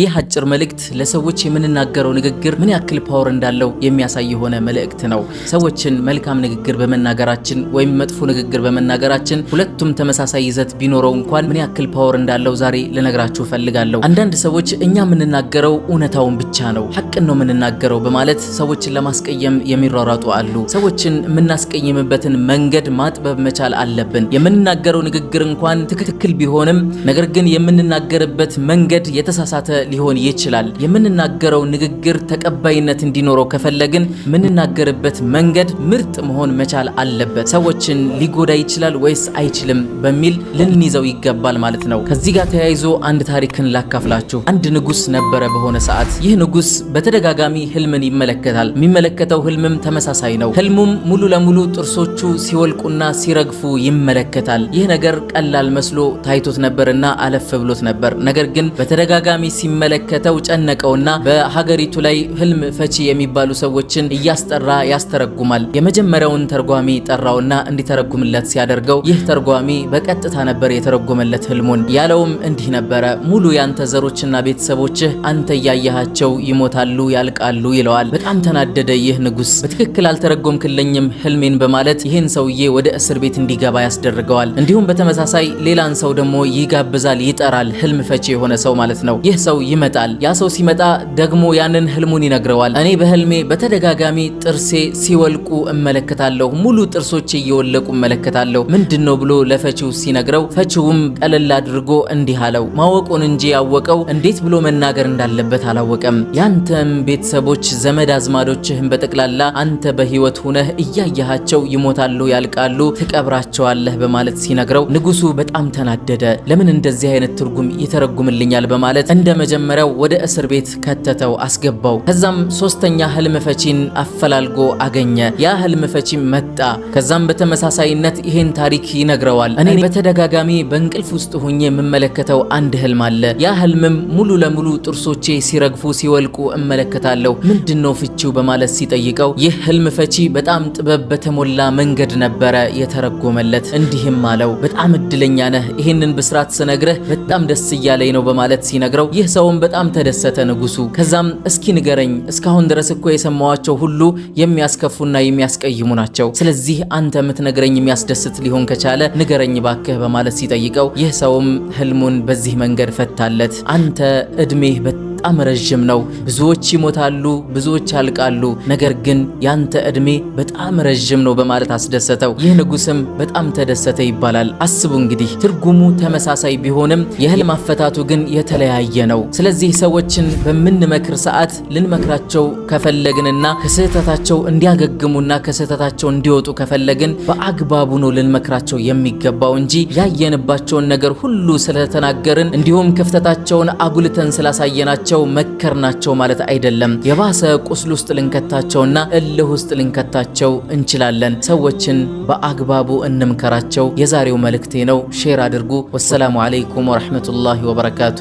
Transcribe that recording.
ይህ አጭር መልእክት ለሰዎች የምንናገረው ንግግር ምን ያክል ፓወር እንዳለው የሚያሳይ የሆነ መልእክት ነው። ሰዎችን መልካም ንግግር በመናገራችን ወይም መጥፎ ንግግር በመናገራችን ሁለቱም ተመሳሳይ ይዘት ቢኖረው እንኳን ምን ያክል ፓወር እንዳለው ዛሬ ልነግራችሁ ፈልጋለሁ። አንዳንድ ሰዎች እኛ የምንናገረው እውነታውን ብቻ ነው፣ ሐቅን ነው የምንናገረው በማለት ሰዎችን ለማስቀየም የሚሯሯጡ አሉ። ሰዎችን የምናስቀይምበትን መንገድ ማጥበብ መቻል አለብን። የምንናገረው ንግግር እንኳን ትክክል ቢሆንም ነገር ግን የምንናገርበት መንገድ የተሳሳተ ሊሆን ይችላል። የምንናገረው ንግግር ተቀባይነት እንዲኖረው ከፈለግን የምንናገርበት መንገድ ምርጥ መሆን መቻል አለበት። ሰዎችን ሊጎዳ ይችላል ወይስ አይችልም በሚል ልንይዘው ይገባል ማለት ነው። ከዚህ ጋር ተያይዞ አንድ ታሪክን ላካፍላችሁ። አንድ ንጉስ ነበረ። በሆነ ሰዓት ይህ ንጉስ በተደጋጋሚ ህልምን ይመለከታል። የሚመለከተው ህልምም ተመሳሳይ ነው። ህልሙም ሙሉ ለሙሉ ጥርሶቹ ሲወልቁና ሲረግፉ ይመለከታል። ይህ ነገር ቀላል መስሎ ታይቶት ነበርና አለፍ ብሎት ነበር። ነገር ግን በተደጋጋሚ ሲመ ሲመለከተው ጨነቀውና በሀገሪቱ ላይ ህልም ፈቺ የሚባሉ ሰዎችን እያስጠራ ያስተረጉማል። የመጀመሪያውን ተርጓሚ ጠራውና እንዲተረጉምለት ሲያደርገው ይህ ተርጓሚ በቀጥታ ነበር የተረጎመለት ህልሙን። ያለውም እንዲህ ነበረ፣ ሙሉ ያንተ ዘሮችና ቤተሰቦችህ አንተ እያየሃቸው ይሞታሉ፣ ያልቃሉ ይለዋል። በጣም ተናደደ ይህ ንጉስ። በትክክል አልተረጎምክለኝም ህልሜን በማለት ይህን ሰውዬ ወደ እስር ቤት እንዲገባ ያስደርገዋል። እንዲሁም በተመሳሳይ ሌላን ሰው ደግሞ ይጋብዛል፣ ይጠራል። ህልም ፈቺ የሆነ ሰው ማለት ነው። ይህ ሰው ይመጣል። ያ ሰው ሲመጣ ደግሞ ያንን ህልሙን ይነግረዋል። እኔ በህልሜ በተደጋጋሚ ጥርሴ ሲወልቁ እመለከታለሁ፣ ሙሉ ጥርሶቼ እየወለቁ እመለከታለሁ ምንድን ነው ብሎ ለፈቺው ሲነግረው ፈቺውም ቀለል አድርጎ እንዲህ አለው። ማወቁን እንጂ ያወቀው እንዴት ብሎ መናገር እንዳለበት አላወቀም። ያንተም ቤተሰቦች ዘመድ አዝማዶችህን በጠቅላላ አንተ በህይወት ሁነህ እያያሃቸው ይሞታሉ፣ ያልቃሉ፣ ትቀብራቸዋለህ በማለት ሲነግረው ንጉሱ በጣም ተናደደ። ለምን እንደዚህ አይነት ትርጉም ይተረጉምልኛል በማለት እንደ የመጀመሪያው ወደ እስር ቤት ከተተው አስገባው። ከዛም ሶስተኛ ህልም ፈቺን አፈላልጎ አገኘ። ያ ህልም ፈቺ መጣ። ከዛም በተመሳሳይነት ይሄን ታሪክ ይነግረዋል። እኔ በተደጋጋሚ በእንቅልፍ ውስጥ ሆኜ የምመለከተው አንድ ህልም አለ። ያ ህልምም ሙሉ ለሙሉ ጥርሶቼ ሲረግፉ ሲወልቁ እመለከታለሁ። ምንድነው ፍቺው በማለት ሲጠይቀው ይህ ህልም ፈቺ በጣም ጥበብ በተሞላ መንገድ ነበረ የተረጎመለት። እንዲህም አለው በጣም እድለኛ ነህ፣ ይህንን ብስራት ስነግረህ በጣም ደስ እያለኝ ነው በማለት ሲነግረው ይህ ሰውም በጣም ተደሰተ ንጉሱ። ከዛም እስኪ ንገረኝ፣ እስካሁን ድረስ እኮ የሰማዋቸው ሁሉ የሚያስከፉና የሚያስቀይሙ ናቸው። ስለዚህ አንተ የምትነግረኝ የሚያስደስት ሊሆን ከቻለ ንገረኝ ባክህ በማለት ሲጠይቀው ይህ ሰውም ህልሙን በዚህ መንገድ ፈታለት። አንተ እድሜህ በጣም ረዥም ነው። ብዙዎች ይሞታሉ፣ ብዙዎች ያልቃሉ፣ ነገር ግን ያንተ እድሜ በጣም ረዥም ነው በማለት አስደሰተው። ይህ ንጉስም በጣም ተደሰተ ይባላል። አስቡ እንግዲህ ትርጉሙ ተመሳሳይ ቢሆንም የህልም አፈታቱ ግን የተለያየ ነው። ስለዚህ ሰዎችን በምንመክር ሰዓት ልንመክራቸው ከፈለግንና ከስህተታቸው እንዲያገግሙና ከስህተታቸው እንዲወጡ ከፈለግን በአግባቡ ነው ልንመክራቸው የሚገባው እንጂ ያየንባቸውን ነገር ሁሉ ስለተናገርን እንዲሁም ክፍተታቸውን አጉልተን ስላሳየናቸው ናቸው መከር ናቸው ማለት አይደለም። የባሰ ቁስል ውስጥ ልንከታቸውና እልህ ውስጥ ልንከታቸው እንችላለን። ሰዎችን በአግባቡ እንምከራቸው። የዛሬው መልእክቴ ነው። ሼር አድርጉ። ወሰላሙ አለይኩም ወረህመቱላሂ ወበረካቱ።